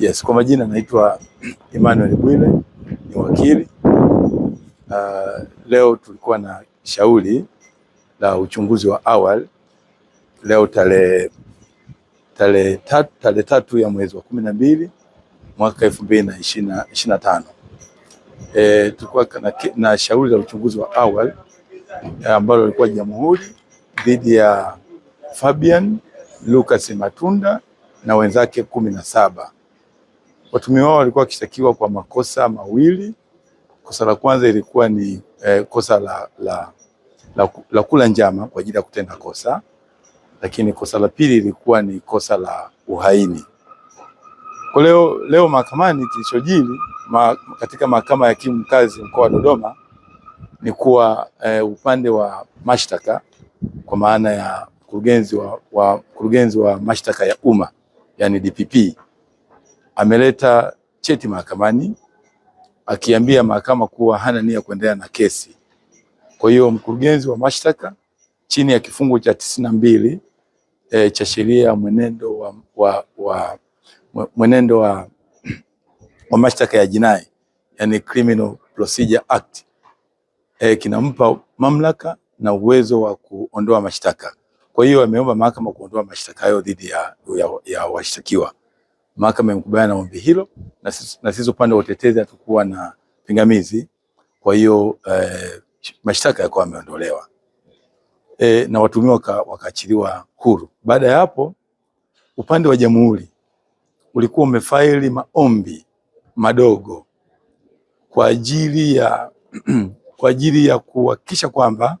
Yes, kwa majina naitwa Emmanuel Bwile, ni wakili. Uh, leo tulikuwa na shauri la uchunguzi wa awali leo tarehe tarehe tatu, tarehe tatu ya mwezi wa kumi na mbili mwaka elfu mbili na ishirini na tano. E, tulikuwa na, na shauri la uchunguzi wa awali e, ambalo lilikuwa jamhuri dhidi ya Fabian Lucas Matunda na wenzake kumi na saba Watuhumiwa wao walikuwa wakishtakiwa kwa makosa mawili. Kosa la kwanza ilikuwa ni eh, kosa la, la, la, la kula njama kwa ajili ya kutenda kosa, lakini kosa la pili ilikuwa ni kosa la uhaini. Kwa leo leo mahakamani kilichojili ma, katika mahakama ya hakimu mkazi mkoa wa Dodoma ni kuwa eh, upande wa mashtaka kwa maana ya mkurugenzi wa, wa, mkurugenzi wa mashtaka ya umma yani DPP ameleta cheti mahakamani akiambia mahakama kuwa hana nia kuendelea na kesi. Kwa hiyo mkurugenzi wa mashtaka chini ya kifungu cha tisini na mbili e, cha sheria ya mwenendo wa, wa, wa, mwenendo wa, wa mashtaka ya jinai yani Criminal Procedure Act e, kinampa mamlaka na uwezo wa kuondoa mashtaka. Kwa hiyo ameomba mahakama kuondoa mashtaka hayo dhidi ya, ya, ya washtakiwa mahakama imekubaliana na ombi hilo na sisi upande wa utetezi hatukuwa na pingamizi. Kwa hiyo eh, mashtaka yakuwa yameondolewa eh, na watuhumiwa wakaachiliwa huru. Baada ya hapo, upande wa jamhuri ulikuwa umefaili maombi madogo kwa ajili ya kwa ajili ya kuhakikisha kwamba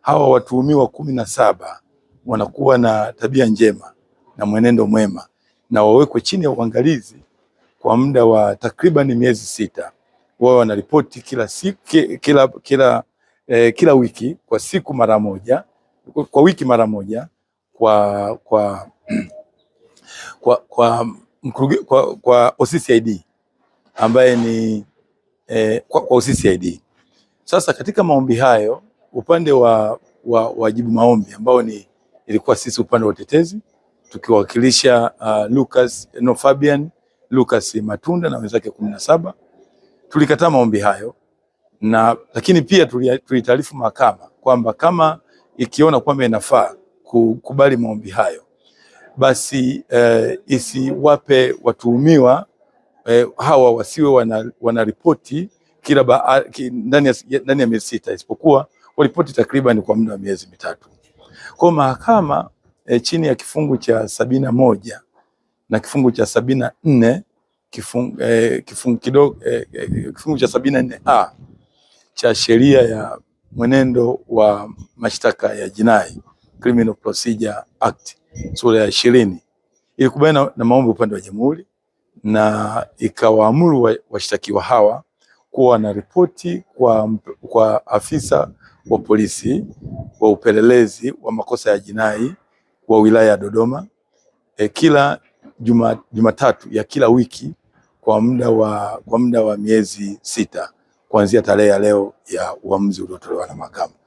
hawa watuhumiwa kumi na saba wanakuwa na tabia njema na mwenendo mwema na wawekwe chini ya uangalizi kwa muda wa takriban miezi sita, wao wanaripoti kila, siku, kila, kila, eh, kila wiki kwa siku mara moja kwa wiki mara moja kwa, kwa, kwa, kwa, kwa, kwa OCCID ambaye ni eh, kwa, kwa OCCID. Sasa katika maombi hayo upande wa wajibu wa maombi ambao ni ilikuwa sisi upande wa utetezi tukiwakilisha uh, Lucas no Fabian Lucas Matunda na wenzake kumi na saba. Tulikataa maombi hayo na lakini pia tulitaarifu mahakama kwamba kama ikiona kwamba inafaa kukubali maombi hayo basi eh, isiwape watuhumiwa eh, hawa wasiwe wana, wanaripoti kila ndani ya, ya miezi sita isipokuwa waripoti takriban kwa muda wa miezi mitatu. Kwa mahakama e, chini ya kifungu cha sabini na moja na kifungu cha sabini na nne kifungu, eh, kidogo, eh, kifungu cha sabini na nne a cha sheria ya mwenendo wa mashtaka ya jinai Criminal Procedure Act sura ya ishirini ilikubaliana na maombi upande wa jamhuri na ikawaamuru washtakiwa wa hawa kuwa na ripoti kwa, kwa afisa wa polisi wa upelelezi wa makosa ya jinai wa wilaya ya Dodoma e, kila Jumatatu juma ya kila wiki kwa muda wa, kwa muda wa miezi sita kuanzia tarehe ya leo ya uamuzi uliotolewa na mahakama.